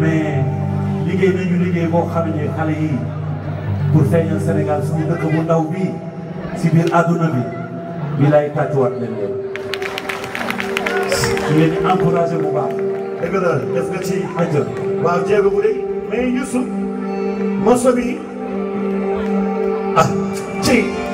mais liggéey nañu liggéey boo xam ne xale yi pour feeñal Sénégal suñu dëkk bu ndaw bii si biir àdduna bi bi lay tàccuwaat leen leen. ñu leen di encouragé bu baax. dëgg la def nga ci. rajo waaw jéego bu dee. mais Youssouf moso bi ah ci.